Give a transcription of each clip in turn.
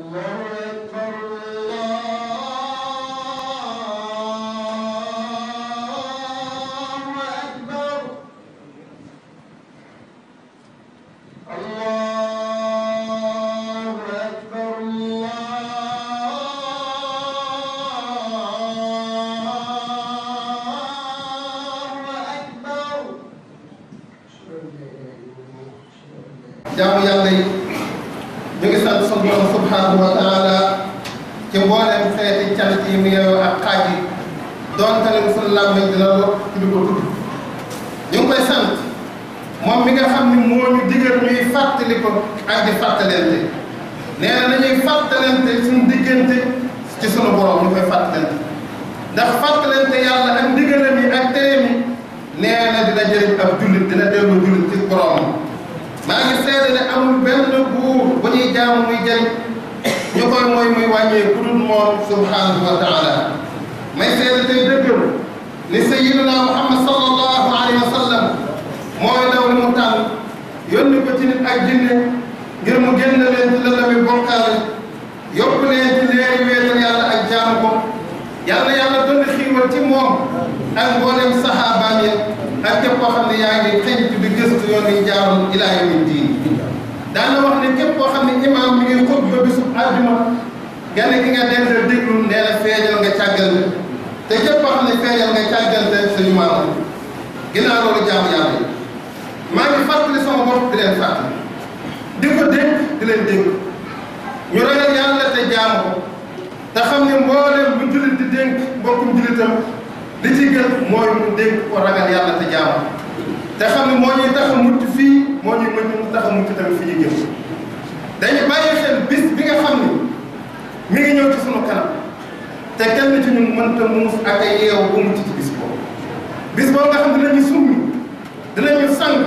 Lord ci sunu borom ñu koy fàttalante ndax fàttalante yàlla ak ndigalam yi ak teem yi nee na dina jëriñ ab jullit dina dellu jullit ci borom maa ngi seede ne amul benn wa taala may seede tey dëggal ni sayyidina muhammad sallallahu alayhi wa sallam mooy daw li mu tànn yónni mu génn leen ci lëlami bokkaale yóbbu leen yàlla yàlla doon na xiiwal ci moom ak mboolem saxaabaam ya ak képp koo xam ne yaa ngi xëy di gëstu yoon yi jaaroon ilaa yawmi diin daana wax ne képp koo xam ne imaam mi ngi xutba bisu àjjuma gane gi nga dem la déglu nee na feeñal nga càggal te képp koo xam ne feeñal nga càggal te suñu maam ginnaaw loolu jaamu yàlla yi maa ngi fàttali sama bopp di leen fàttali di ko dégg di leen dégg ñu ragal yàlla te jaamu te xam ne mboolem mbokkum jullitam li ci gën mooy mu dégg ko ragal yàlla te jaamu te xam ne moo ñuy tax a fii moo ñuy mën tax a mucc tamit fi ñu dañu bàyyi xel bis bi nga xam ne mi ngi ñëw ci sunu kanam te kenn ci ñun mënta muus ak ay yeewu ba mucc ci bis boobu nga xam dinañu summi dinañu sang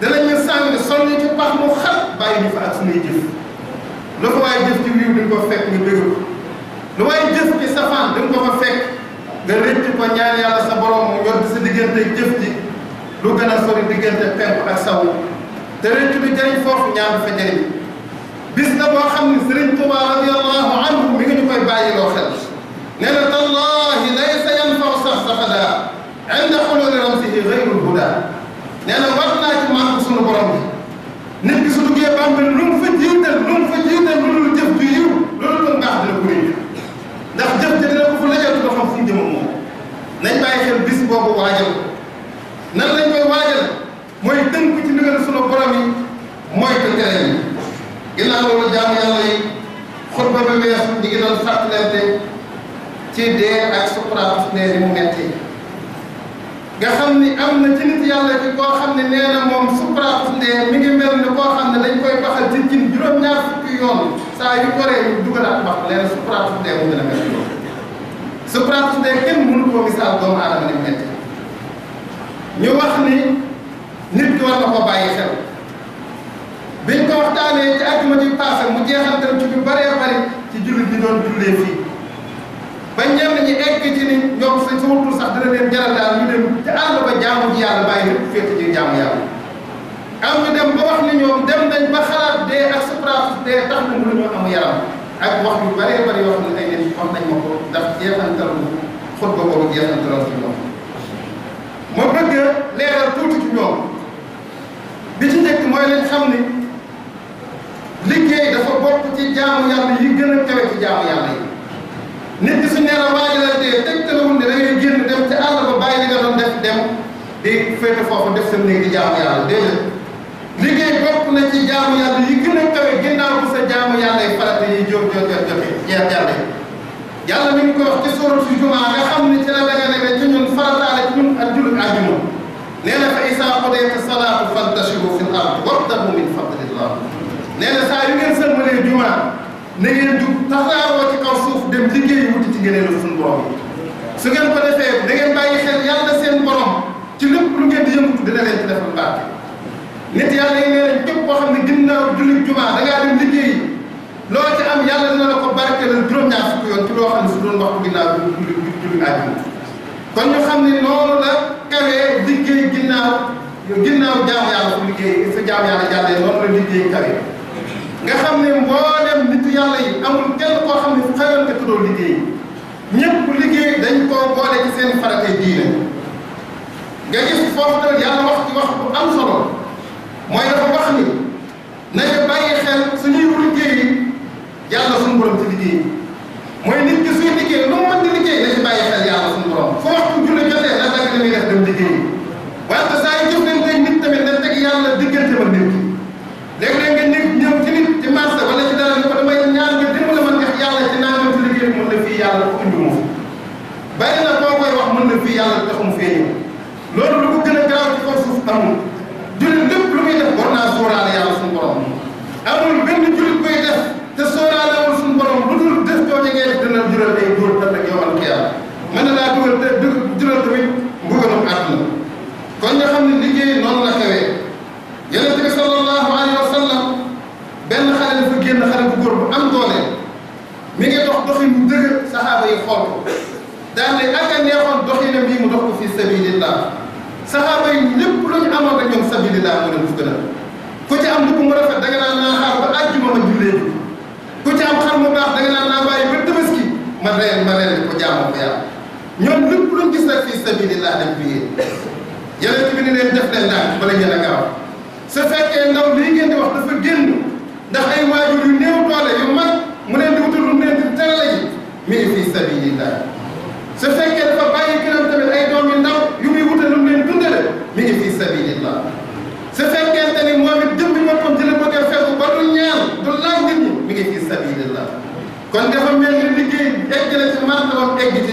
dinañu sang sol ñu ci pax mu xat bàyyi ñu fa ak sunuy jëf lu ko waaye jëf ci wiiw duñ ko fekk ñu dégg lu may jëf bi safaan di nga ko fa fekk nga rëcc ko ñaan yàlla sa borom mu yott sa diggante jëf ji lu gën a sori diggante penku ak sawu te rëcc bi jëriñ foofu ñaan bi fa jëriñ bis na boo xam ne Sëriñ Tuubaa radiyallahu anhu mi ngi ñu koy bàyyi loo xel nee na tallaahi laysa yanfau saxsaxada inda xululi ramsihi xayrul huda nee na war naa ci màgg suñu borom bi nit ki su duggee bàmbel lu mu fa jiital lu mu fa jiital ndax jëf te dina ko fa lajal ba xam fu mu jëmam moom nañ bàyyi xel bis boobu waajal nan lañ koy waajal mooy tënku ci ndigal sunu borom yi mooy te tere yi ginnaaw loolu jaamu yàlla yi xutba ba weesu ñu ngi doon ci dee ak sukkuraat ne ni mu metti nga xam ni am na ci nit yàlla ci koo xam ne nee na moom sukkuraatu ndee mi ngi mel ni koo xam ne dañ koy baxal ci cin juróom-ñaar fukki yoon saa yu waree ñu dugalaat bax nee na sukkuraatu ndee mu gën a mel noonu sukkuraatu ndee kenn mënu koo misaal doomu aadama ni metti ñu wax ni nit ki war na ko bàyyi xel biñ ko waxtaanee ci àjjuma ji passé mu jeexantal ci lu bëree bëri ci jullit bi doon jullee fii ba ñenn ñi egg ci ni ñoom sañ sama tur sax dina jaral daal ñu dem ci àll ba jaamu ji yàlla bàyyi leen féete ji jaamu yàlla am ñu dem ba wax ni ñoom dem xalaat dee ak souffrance dee tax na mënuñoo am yaram ak wax yu bëree bëri yoo xam ne nañ ma ko ndax jeexantal xut ba boobu jeexantal ci ñoom ma bëgg a leeral tuuti ci ñoom bi ci njëkk mooy lañ xam ni liggéey dafa bokk ci jaamu yàlla yi gën a kawe ci jaamu yàlla nit ki su neena waaye la dee tegtalewul ne da ngay génn dem te àll ba bàyyi li nga doon def dem di féete foofu def sa néeg di jaamu yàlla déedéet liggéey bokk na ci jaamu yàlla yi gën a kawe ginnaaw bu sa jaamu yàlla yi farata yi jóg jot jot jot jeex jàlle yàlla mi ngi ko wax ci sóoratu jumaa nga xam ne ci la da nga ne ci ñun farataale ci ñun ak jullit àjjuma nee na fa isaa qudiyati salaatu fantashiru fil ard wabtagu min fadlillah nee na saa yu ngeen sëlmalee jumaa na ngeen jug tasaaroo ci kaw suuf dem liggéey wuti ci ngëneelu suñu borom su ngeen ko defee da bàyyi xel yàlla seen borom ci lépp lu ngeen di yëngatu dina leen ci defal barke nit yàlla yi nee nañ képp koo xam ne ginnaaw julli jumaa da ngaa dem ci am yàlla dina la ko barkeelal juróom-ñaar fukki ne su doon waxtu ginnaaw julli julli àjjuma kon ñu xam ne noonu la kawee liggéey ginnaaw ginnaaw jaam yàlla su liggéey yi amul kenn koo xam ne xëyoon te tuddoo liggéey ñëpp liggéey dañ koo boole ci seen faratay diine nga gis foofu tamit yàlla wax ci wax bu am solo mooy dafa wax ni nañu bàyyi come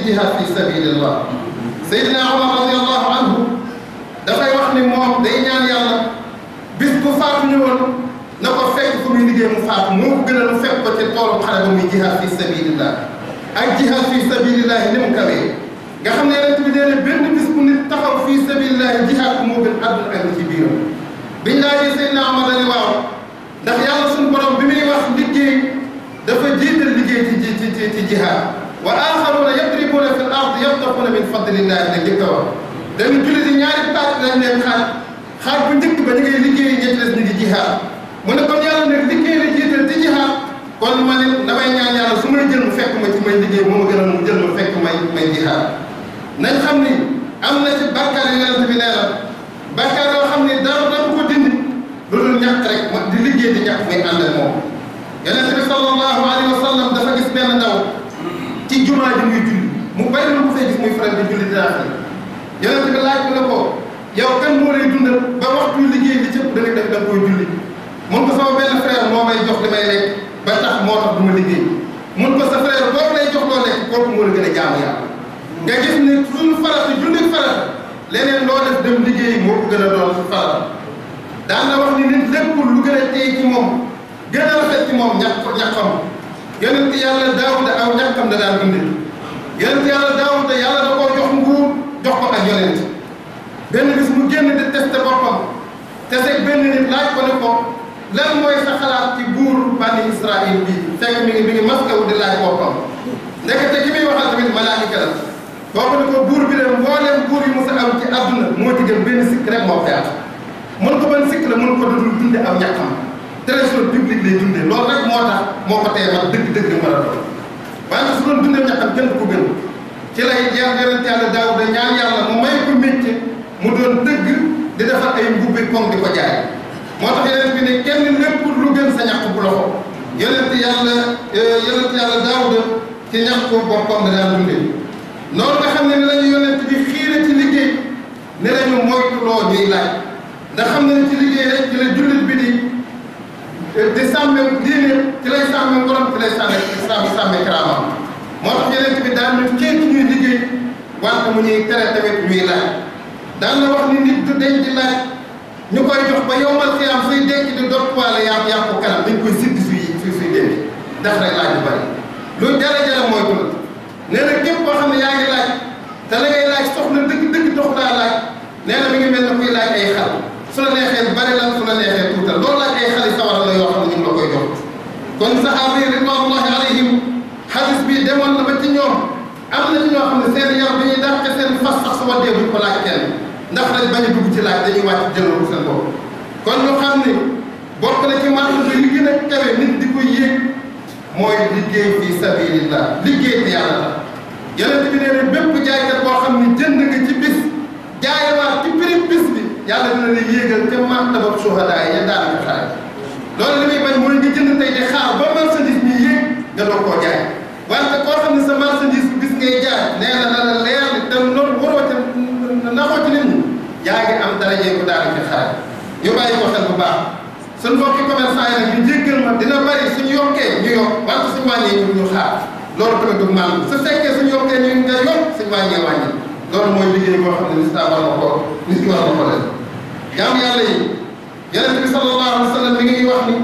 biha fi sabilillah Seydina Omar radiyallahu anhu dafay wax ni moom day ñaan yàlla bis bu faatu ñëwoon na ko fekk fu muy liggéey mu faatu moo ko gën a lu fekk ko ci toolu xare ba muy jihaad fi sabilillah ak jihaad fi sabilillah ni mu kawee nga xam ne yonent bi nee na benn bis bu nit taxaw fi sabilillah jihaad ko moo gën àdduna ak ci biiram biñ laajee Seydina Omar dane waaw ndax yàlla suñu borom bi muy wax liggéey dafa jiital liggéey ci ci ci ci jihaad wa fil ardi yabtaxuuna min fadlillaahi lañ njëkk a wax dañu julli di ñaari pàcc lañ leen xaaj xaaj bu njëkk ba ñu ngay liggéey ñetti des ñu ngi jihaad mu ne comme yàlla nag liggéey la jiital di jihaad kon ma ne damay ñaan yàlla su may jël mu fekk ma ci may liggéey moo ma gën a mu jël ma fekk may may jihaad nañ xam ni am na ci bàkkaar yu yonent bi nee na bàkkaar yoo xam ni dara dama ko dindi lu dul ñàkk rek ma di liggéey di ñàkk muy ànd ak moom yonent bi sallallahu alayhi wa sallam dafa gis benn ndaw ci jumaa ji muy mu bari lu ko fay gis muy faral di julli dinaa fi yonent bi laaj ko ko yow kan moo lay dundal ba waxtu liggéey li cëpp dana def da koy julli mun ko sama benn frère moo may jox li may lekk ba tax moo tax du ma liggéey mun ko sa frère boobu lay jox loo lekk kooku moo la gën a jaamu yàlla nga gis ne suñu farata julli farata leneen loo def dem liggéey moo ko gën a doon farata daan na wax ni nit lépp lu gën a tey ci moom gën a rafet ci moom ñax ñaxam yonent yàlla daawuda yonent yàlla daawuda yàlla da koo jox nguur jox ko ak yonent benn bis mu génn di te boppam teseeg benn nit laaj ko ne ko lan mooy sa xalaat ci buur bani israil bi fekk mi ngi mi ngi maskawu di laaj boppam ndekete ki muy waxal tamit malaayika la kooku ne ko buur bi de mbooleem buur yi mu a am ci àdduna moo ci gën benn sikk rek moo feat mun ko ban sikk la mun ko dudul dunde am ñàkkam trésor public lay dunde loolu rek moo tax moo ko teye man a doon waaye nag su doon dundee ñàkkam kenn ko gën ci lay jeex yonent yàlla daaw da ñaan yàlla mu may ko métier mu doon dëgg di defar ay mbubbi koŋ di ko jaay moo tax yonent bi ne kenn lépp lu gën sa ñàkk bu loxo yonent yàlla eh, yonent yàlla daaw da ci ñàkk boppam da daan dundee noonu nga xam ne ni lañu yonent bi xiire ci liggéey ne lañu moytuloo ñuy laaj ndax xam ne ci liggéey rek ci la jullit bi di te di sàmme diine ci lay sàmme ngorom ci lay sàmme sàmme sàmme karaamam moo tax yeneen bi daan ñu ceeb ñuy liggéey wante mu ñuy tere tamit ñuy laaj daan la wax ni nit du denc di laaj ñu ba yow mal xiyaam suy denc di dot wala yàpp yàpp kanam dañ koy siddi suy suy suy denc def rek laaj bu lu jara jara mooy dul nee na képp koo xam ne yaa ngi laaj te la ngay laaj dëgg dëgg dox daa laaj nee mi ngi mel ne kuy laaj ay xal su la neexee bari lan su la neexee tuutal loolu kon saxaaba yi ridwanullahi alayhim xadis bi demoon na ba ci ñoom am na ci ñoo xam ne seen yar bi ñuy dàqe seen fas sax sama dee buñ ko laaj kenn ndax dañ bañ a dugg ci ñu ma wàcc jëloon seen bopp kon ñu xam ni bokk na ci màtt bi li gën a kawe di ko yéeg mooy liggéey fi sabilillah liggéey fi yàlla la yonent bi nee na bépp jaaykat boo xam ne jënd nga ci bis jaayawaat ci prix bis bi yàlla dina la yéegal ca màtt ba suhadaa loolu li ma bañ mooy nga jënd tey di xaar ba marchandise bi yéeg nga doog koo jaay wante koo xam ne sa marchandise bis ngay jaay nee na la leer ni te loolu waroo te naxoo ci nit ñi yaa ngi am dara yéegu daal ci xaar ñu bàyyi ko xel bu baax suñ mbokki commerçant yi nag ñu jéggal ma dina bari suñu yokkee ñu yokk wante suñu wàññee ñu ñu xaar loolu tamit du maam su fekkee suñu yokkee ñu nga yokk suñu wàññee wàññi loolu mooy liggéey boo ne lislaam ko nit ki yonent bi sallallahu alayhi wa sallam mi ngi wax ni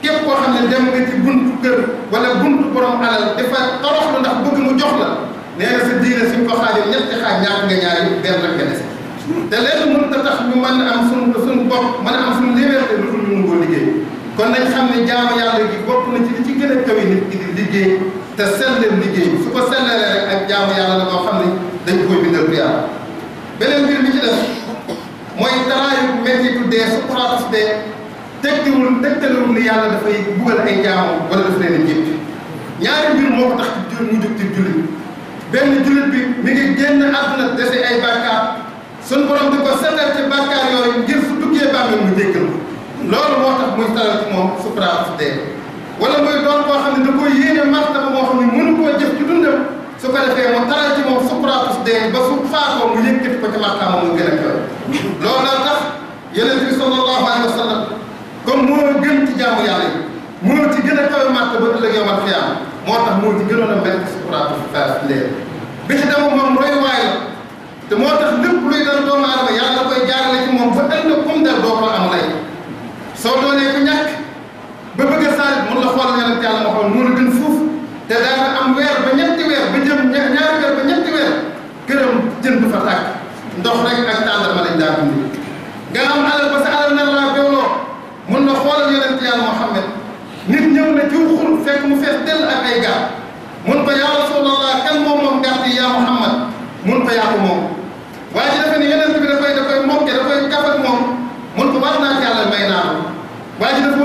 képp koo xam ne dem nga ci buntu kër wala buntu borom alal dafa toroxlu ndax bëgg mu jox la nee na sa diine suñ ko xaajee ñetti xaaj ñaar nga ñaar yëpp benn rek nga des te léegi mënut a tax ñu mën a am suñu suñu bopp mën a am suñu liberté lu dul ñu mën koo liggéey kon nañ xam ne jaamu yàlla gi bokk na ci li ci gën a kawe nit ki di liggéey te sellal liggéey su ko sellalee rek ak jaamu yàlla la boo xam ne dañ koy bindal bu yàlla beneen mbir mi ci def mooy taraayu méttiitu dee suquraatus dee tegtiwul tegtalewul ni yàlla dafay ay jaamam a moo ko tax ci jur mu jóg ci jullit benn jullit ay bàkkaar suñ borom di ko setal ci bàkkaar yooyu ngir fu duggee bàmmeel mu jéggal ko loolu moo tax muy taral ci moom suquraatus dee wala muy doon koo xam ne da koy yéene martaba moo xam ne mënu koo jëf ci dundam su ko defee mu taral ci moom suquraatus dee ba su faatoo mu yëkkati a loolu nag tax yonent bi sallallahu alayhi wa sallam comme moo gën ci jaamu yàlla yi ci gën a kawe màtt ba ëllëg yow ak xiyaam moo tax moo ci gënoon a mel ci sukkuraatu faas leer bi ci dama roy waay la moo tax lépp luy dal doomu aadama yàlla koy jaarale ci moom ba ëllëg comme dal doo ko am lay soo too ku ñàkk ba bëgg a saalit mun la xool yonent yàlla ma xool moo la gën fuuf te daana am weer ba ñetti weer ba jëm ñaari weer ba ñetti weer këram jënd fa tàkk ndox rek ak tàndarma lañ daa dund nga am alal ba sa alal nar laa mun na xoolal yonent yàlla Muhammad nit ñëw ne jiw xul fekk mu fees dell ak ay gaal mun ko yaa rasulallah kan moom moom gàtt yi yaa Muhammad mun ko yaa ko moom a ji dafa ne yonent bi dafay dafay mokke dafay kafak moom mun ko war naa ci yàlla may naa ko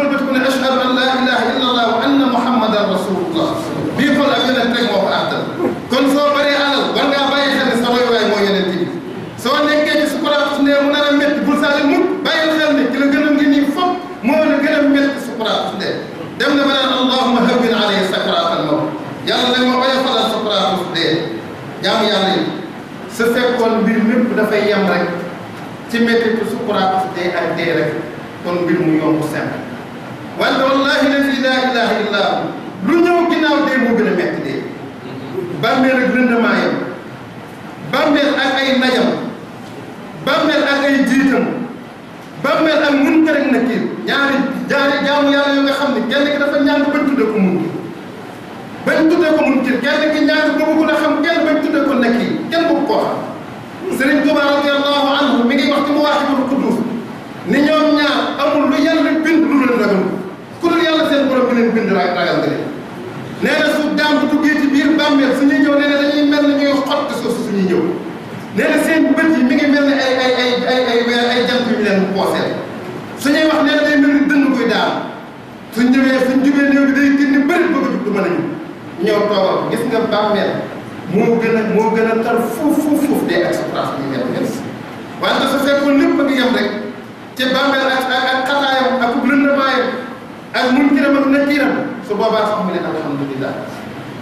dafay yem rek ci métti sukkuraat dee ak dee rek kon mbir mu yomb semb wante wallahi lazi laa ilaaha illaa lu ñëw ginnaaw dee moo gën a métti dee bàmmeel ak rendement yam bàmmeel ak ay najam bàmmeel ak ay jiitam bàmmeel ak munkar ak nakiir ñaari jaari yàlla yoo nga xam ne kenn ki dafa ñaan bañ tudde ko mun bañ tudde ko mun kenn ki ñaan boobu ko a xam kenn bañ tudde ko nakiir kenn boobu koo xam Sëriñ Tuuba radiyallahu anhu mi ngi wax ci Mawaahibul Quddus ni ñoom ñaar amul lu yàlla bind lu leen ragal ku dul yàlla seen borom bi leen bind ragal nga leen nee na su daam bu duggee ci biir na dañuy mel ni ñuy xotti suuf su ñuy ñëw nee na seen bët yi mi wax nee day mel ni dënn koy daal suñ ñëwee suñ jubee néew bi day génn bëri bëgg a jug du toogal gis nga bàmmeel moo gën moo gën a tar fuuf fuuf fuuf dee ak sa place bi ngeen ngeen si wante su fekkoon lépp di yem rek te bàmmeel ak ak ak xataayam ak lëndamaayam ak munkiram ak nakiram su boobaa sax mu ne alhamdulillah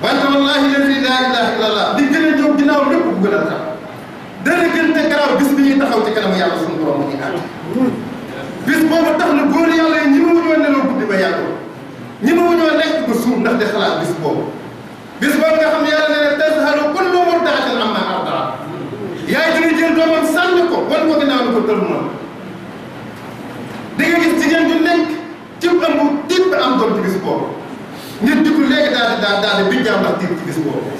wante wallahi la ilaha illallah li gën a ñëw ginnaaw lépp bu gën a tar dana gën te garaaw bis bi ñuy taxaw ci kanamu yàlla suñu borom ñu ànd bis boobu tax na góor yàlla yi ñi ma wuñoo nelaw guddi ba yàggu ñi ma wuñoo bis boobu bis boobu nga xam ne yàlla nee na tazhalu kullu murdi'atin amma ardaat yaay dina jël doomam sànni ko wan ko ginnaaw ni ko tëru na di nga gis jigéen ju nekk ci ëmb tiit bi am doom ci bis boobu nit di ko léegi daal di daal daal di biñ jàmbax tiit ci bis boobu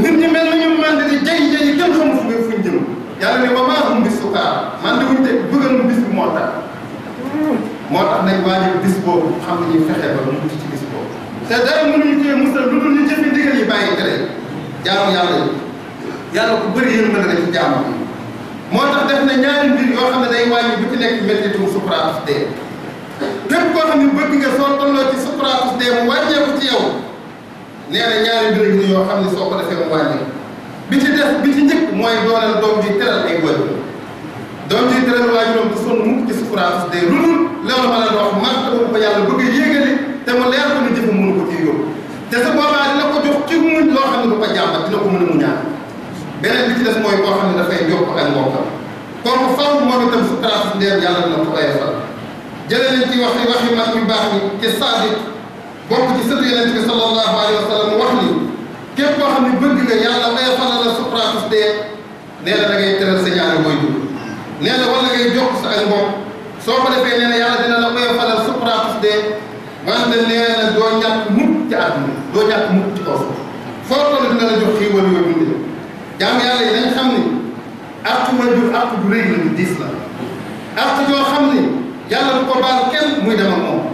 nit ñi mel nañu màndi di jay jay yi kenn xamul fu nga fuñ jëm yàlla ne wa maa hum bi sukaar màndi wuñ te bëggalum bis moo tax moo tax nag waa ji bis boobu xam ne ñuy ba mu mucc ci bis boobu yi bàyyi tere jaamu yàlla yi yàlla ku bëri yéen mën a ci bi moo tax def na ñaari mbir yoo xam ne day wàññi bu ci nekk méttitu sukuraatus dee lépp koo xam ne bëgg nga soo tolloo ci ci yow nee na ñaari mbir yi yoo xam ne soo ko defee mu wàññi bi ci def bi ci njëkk mooy dooleel doom bi teral ay wër doom bi teral waajuram du sonn mukk ci sukuraatus dee lu dul ma la wax màgg ko yàlla bëgg yéegale te mu leer ko ni jëfu ko ci yóbbu te sa booba doon ko jàmbat dina ko mën a muñaan beneen bi ci des mooy koo xam ne dafay jokk ak mbokkam kon faw moom itam su trace ndeem yàlla dina ko oyofal jëlee leen ci wax yi wax yi mag yu baax ni ci saadi bokk ci sëtu yonent bi sallallahu alayhi wa sallam wax ni képp koo xam ne bëgg nga yàlla oyofalal la su trace dee nee na da ngay tëral sa ñaari waajur nee na wala ngay jokk sa ak mbokk soo ko defee na la nee na doo ñàkk mukk ci àdduna doo ñàkk mukk ci kaw foofu ak mooy jur ak bu rëy la bu diis la ak yoo xam ni yàlla du ko baal kenn muy dem ak moom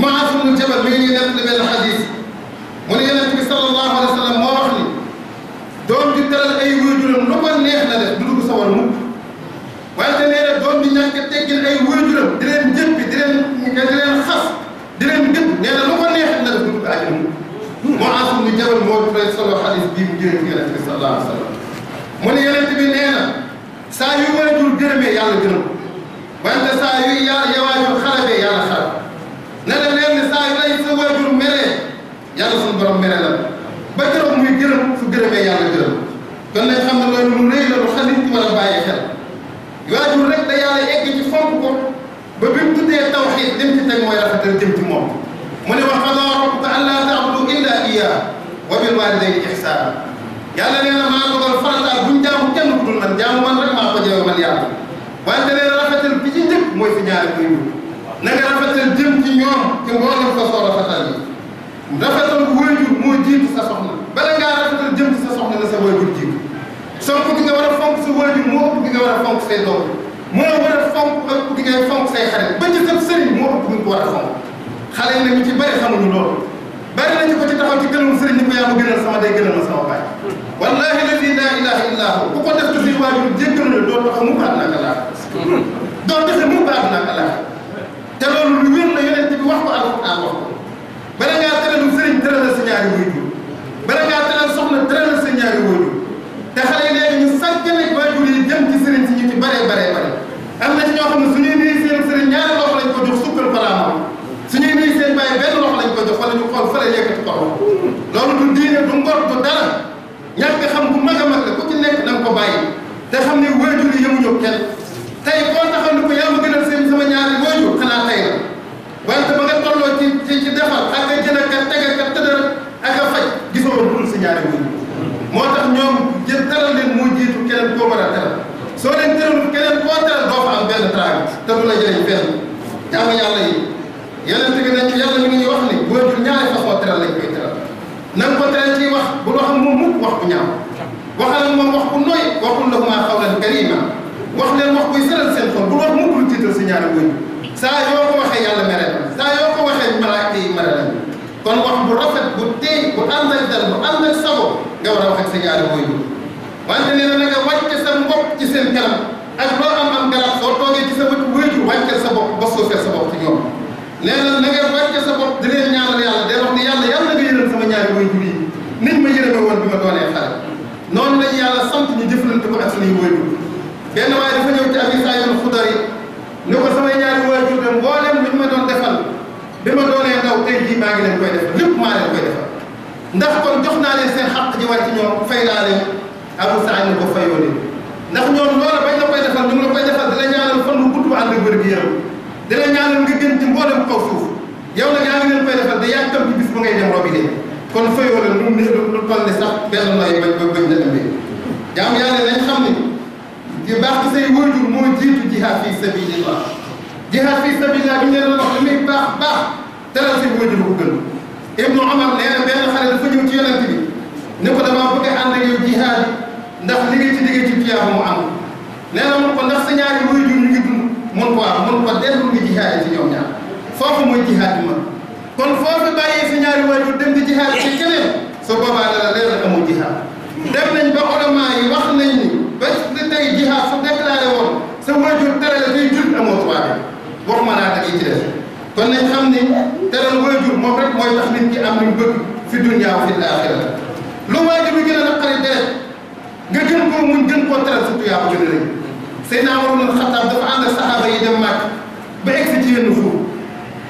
Muaaz ibn Jabal mi ngi ñuy nekk li benn xadis mu ne yonent bi sallallahu alayhi wa sallam moo wax ni doom di teral ay waajuram lu ko neex na def du dugg sawar mukk wante nee na doom di ñàkk teggin ay waajuram di leen jëppi di leen di leen xas di leen gëpp nee na lu ko neex na def du dugg àjjana mukk Muaaz ibn Jabal moo tuddee solo xadis bii mu jëlee ci yonent bi sallallahu alayhi wa sallam mu ne yonent bi nee na saa yu waajur gërëmee yàlla gërëm wante saa yu ya waajur xalabee yàlla xalab ne la leen ne saa yu lay sa waajur meree yàlla suñu borom mere la ba keroog muy gërëm su gërëmee yàlla gërëm kon nag xam ne loolu lu rëy la lu xel nit ki war a bàyyi da yàlla egg ci fonk ba bi mu tuddee tawxiid lim ci teg mooy rafetal jëm ci moom mu ne wa qadaa rabbuka allaa ta'budu illaa iyyaah wa bil waalidayni ihsaana yàlla nee na maa dogal farataal man jaamu man rek maa ko jëme man yàlla wante nee rafetal bi ci njëkk mooy si ñaari koy dugg na nga rafetal jëm ci ñoom ci mboolem fa soo rafetal yi rafetal waajur moo jiitu sa soxna bala ngaa rafetal ci sa soxna na sa waajur jiitu sonk gi nga war a fonk sa waajur moo ëpp gi nga war a fonk say doom moo war a fonk ëpp gi ngay fonk say xarit ba ci sa moo ëpp gi nga ko war a na xale ci bëri xamuñu loolu bëri nañu ko ci taxaw ci gënal sëriñ ni ko yaa ma gënal sama day gënal ma sama baay wallaahi la fii laa ilaaha illaa hu ku ko def ci suñu waajur jéggal la doo tax mu baax naka laa doo tax mu baax naka laa te loolu lu wér la yonent bi wax ko alxuraan wax ko bala ngaa teral sëriñ teral la sa ñaari waajur bala ngaa teral soxna teral la sa ñaari waajur te xale yi léegi ñu sàggane waajur yi jëm ci sëriñ si ñu ci bare bare bare am na ci ñoo xam ne su ñuy nuyu seen sëriñ ñaari loxo lañ ko jox sukkal balaa moom su ñuy nuyu seen bàyyi benn loxo lañ ko jox wala ñu xool fële yëkkati ko loolu du diine du ngor du dara ñàkk xam bu mag a mag la ku ci nekk na nga ko bàyyi te xam ne waajur yi yemuñu kenn tey koo taxaw ni ko yaa ma gënal seen sama ñaari waajur xanaa tey la wante ba nga tolloo ci ci ci defar ak a jën ak a teg ak a ak a faj gisoo woon dul si ñaari waajur moo tax ñoom jël teral leen moo jiitu keneen koo mën a teral soo leen tëralul keneen koo teral doo fa am benn traag te du la jëriñ benn jaamu yàlla yi yeneen jiital sa ñaari wëñ saa yoo ko waxee yàlla mere la saa yoo ko waxee malaaka yi mere la kon wax bu rafet bu tey bu ànd dal bu ànd ak nga war a wax sa ñaari wëñ wante nee na na nga wàcce ñoom nee na nga wàcce sa di leen ñaari wëju yi nit ma yërëme woon bi ma doonee xale noonu lañu yàlla sant ñu jëflante ko ak suñuy wëju benn waaye dafa ñëw ci abi sayyidul xudari samay ñaari waajur dem mboolem lu ñu ma doon defal bi ma doonee ndaw tey jii maa ngi leen koy defal lépp maa leen koy defal ndax kon jox naa leen seen xaq ji war ci ñoom fay naa leen Abu Saïd ni ko fayoo leen ndax ñoom loola bañ la koy defal ñu ngi la koy defal dala ñaanal fan bu gudd bu ànd ak wér gu yaram dala ñaanal nga gën ci mboolem kaw suuf yow nag yaa ngi leen koy defal da yàggal ci bis bu ngay dem robi de kon fayoo leen lu lu toll ne sax benn nooy bañ ba bañ la amee jaam yàlla nañ xam ni baax ci say waajur moo jiitu jihaad fi sabilillah jihaad fi sabilillah bi ñu leen doon wax li muy baax baax teral si wóor ko gën Ibnu Omar nee na benn xale dafa ñëw ci yonent bi ne ko damaa bëgg a ànd ak jihaad ndax li ci liggéey ci tuyaaba mu am nee na mun ko ndax sa ñaari wóor ñu ngi dund mun ko am mun ko dellu ngi jihaad ci ñoom ñaar foofu mooy jihaad a ma kon foofu bàyyee leer na amul jihaad dem بان خامني ترى الوجود موم رك موي تخ نيت كي ام لي في الدنيا وفي الاخره لو ما جيبو جينا نقري ديت غا جين كو مون جين كو ترا سوتو يا بو جيني سيدنا عمر بن الخطاب دا عند الصحابه يي دم مكه با اكسيتي النفور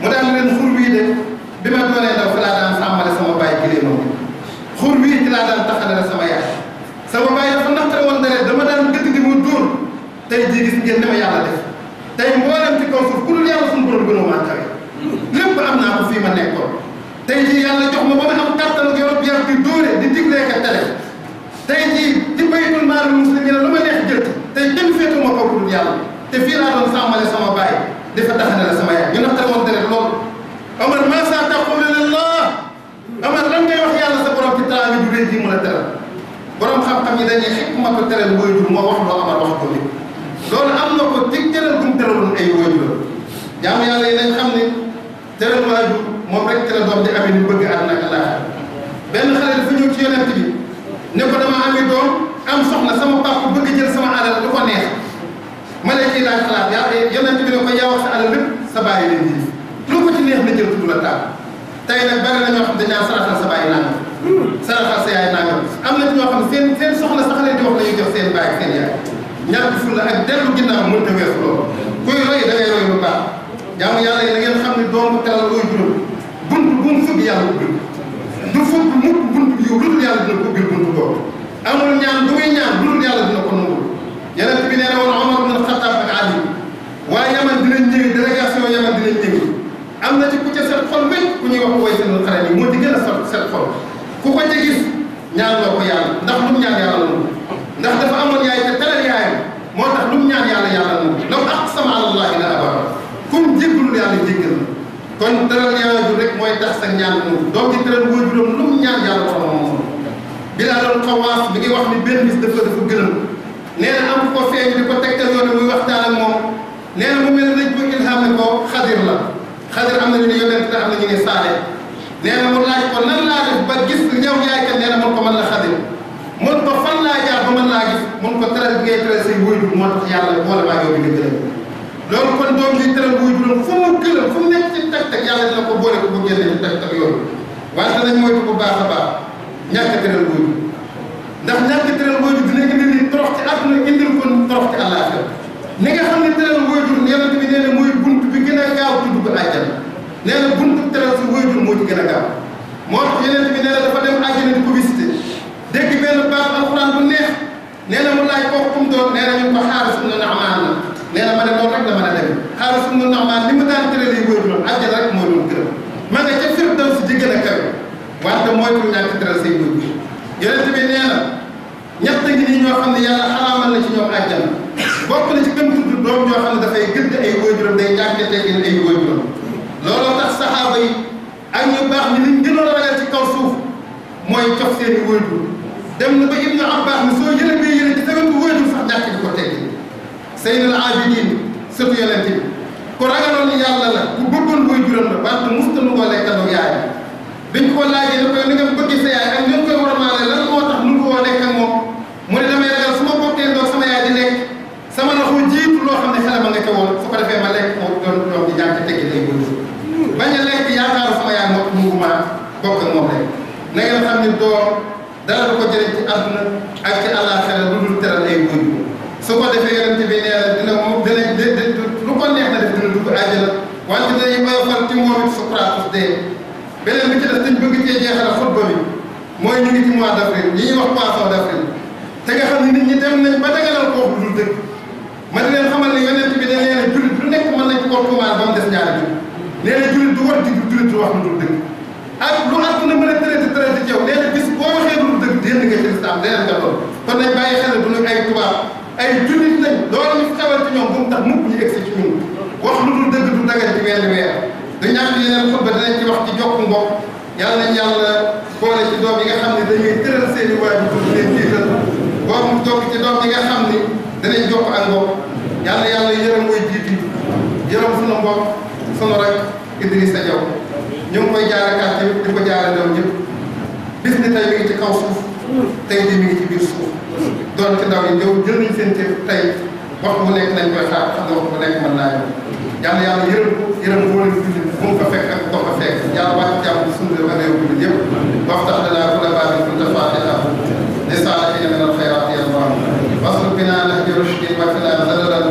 مو دال لين فور وي دي بما دوني دا فلا دان سامال سما باي كلي نو خور وي تلا دان تخال لا سما ياخ سما باي دا نختر وون دار دما دان گد دي مو دور تاي دي گيس نين دما يالا def tay mbolam gi ma nekkoon tey jii yàlla jox ma ba ma am kàttan gi yor yar bi dóore di diglee ka tere tey jii ci baytul maalul muslimin lu ma neex jël tey kenn féetu ma ko dul te fii laa doon sàmmale sama baay dafa taxane la sama yaay ñu naxtal woon deret loolu Omar maa saa taqulu lillah Omar lan ngay wax yàlla sa borom ci teraanga ju rëy ji mun a teral borom xam-xam yi dañuy xikma ko teral mooy dul moo wax loo Omar wax ko nit loolu am na ko dig teral bu mu teraloon ay waajur jaamu yàlla yi nañ xam ne teral moom rek te doom di amee ñu bëgg àdduna ak laaxira benn xale bi ne ko dama amee am sama papa bëgg jël sama alal lu ko neex ma ne kii laaj xalaat yaa yonent bi ne ko yaa wax sa na jël tudd la taal tey nag bari na ñoo xam dañu naan saraxal sa bàyyi nangam saraxal sa na ci ñoo xam seen seen soxna sax leen di wax la ñuy jox seen bàyyi seen yaay ñàkk fulla ak dellu ginnaaw mënta weesu loolu kuy roy da ngay roy bu baax jaamu yàlla yi da ngeen xam ne doomu teral looy juróom ni yàlla ubbil du fukk mukk buntu yiw lu dul yàlla dina ko ubbil buntu boobu amul ñaan du muy ñaan lu dul yàlla dina ko nangul yonent bi nee na woon Omar bin Xattaab ak Ali waa Yaman dinañ ñëw délégation Yaman dinañ ñëw am na ci ku ca set xol mbéy ku ñuy wax woy seen xale yi moo di gën a set set xol ku ko ca gis ñaan loo ko yàlla ndax lu mu ñaan yàlla nangul ndax dafa amoon yaay te talal yaayam moo tax lu mu ñaan yàlla yàlla nangul law aqsama ala allahi la abara kum jéggalul yàlla jéggal kon tëral yaayoo rek mooy tax sa ñaan mu doom ji tëral boo juróom lu mu ñaan yàlla wax na moom Bilaal Xawaas bi ngi wax ni benn bis dafa dafa gëlëm nee na am ko feeñ di ko tegtal yoon muy waxtaan ak moom nee na mu mel ne bu ilham ne ko xadir la xadir am na ñu ne yonent am na ñu ne saale nee na mu laaj ko nan laa ba gis ñëw yaay kat nee na mun ko mën la xadir mun ko fan laa jaar ba mën laa gis mun ko tëral bi ngay tëral say wóyul moo tax yàlla boole maa loolu kon doom bi tëral bu juróom fu mu gën a fu mu nekk ci tag-tag yàlla dina ko boole ko bu génne tag-tag yooyu wante nañ moytu bu baax a baax ñàkk tëral bu ndax ñàkk tëral bu dina indi ni torox ci àdduna indil ko torox ci àllaaxira ni nga xam ne tëral waajur yonent bi nee na mooy bunt bi gën a gaaw ci dugg àjjana nee na buntu tëral su waajur moo ci gën a gaaw moo tax yonent bi nee na dafa dem àjjana di ko visité dégg benn baax alxuraan bu neex nee na mu laaj kooku fu mu doon nee na ñu ko xaaris na na amaan na nee na ma ne loolu rek la mën a demee xaaral su mu naxmaan li mu daan tëralee góor ñoom àjjana rek moo doon gërëm ma nga ca firdaws si gën a kawe wante mooy pour ñàkk tëral say góor ñi nee na ñett ngi nii ñoo xam ne yàlla xaraamal na ci ñoom àjjana bokk na ci gën tudd doom ñoo xam ne dafay gëdd ay góor ñoom day ñàkk teggin ay góor ñoom looloo tax saxaaba yi ak ñu baax ñi liñ gënoon ragal ci kaw suuf mooy cof seen i wóytu dem na ba Ibnu Abbas ni soo Seynul Abidin sëtu yonent bi ku ragaloon yàlla la ku bëggoon booy juróom la parce que musta nu boolee kanoog yaayam mois d' avril ñi wax poisson d' avril te nga xam ne ñi dem nañ ba dagalal kooku dul dëkk ma di leen xamal ne yonent bi dañ leen jullit du nekk mën nañ ko war tuumaal ba des ñaari bi nee na jullit lu dul dëgg na bis boo waxee lu ñoom bu tax mukk ñu egsi ci ñun wax lu dul dëgg du dagal ci wenn weer du ñàkk yeneen xutba dinañ ci wax ci jokk mbokk yàlla nañ yàlla boole ci doom yi nga xam ne dañuy tëral seeni i waajur leen jiital ci doom yi nga xam ni danañ jokk ak mbokk yàlla yàlla yërëm mooy jiiti yërëm sunu mbokk sunu rak Idrissa Diaw ñu ngi koy jaara kàcce di ko jaara daw ñëpp bis ni tey mi ngi ci kaw suuf tay di mi ngi ci biir suuf doon ci ndaw yi ñëw jël nañ seen cër tey wax bu nekk nañ koy xaar xam ne wax bu nekk naa ñëw yàlla yàlla yërëm ko yërëm mboolem jullit bu mu ko fekk ak dox ko fekk yàlla wàcc jàmm ci suñu réew ak réew jullit yëpp waxtaan danaa ko la baax ko dafa dina ko lisaala ila min alxayraat yàlla waaw waslu bina nahji rushdin wa fila zalala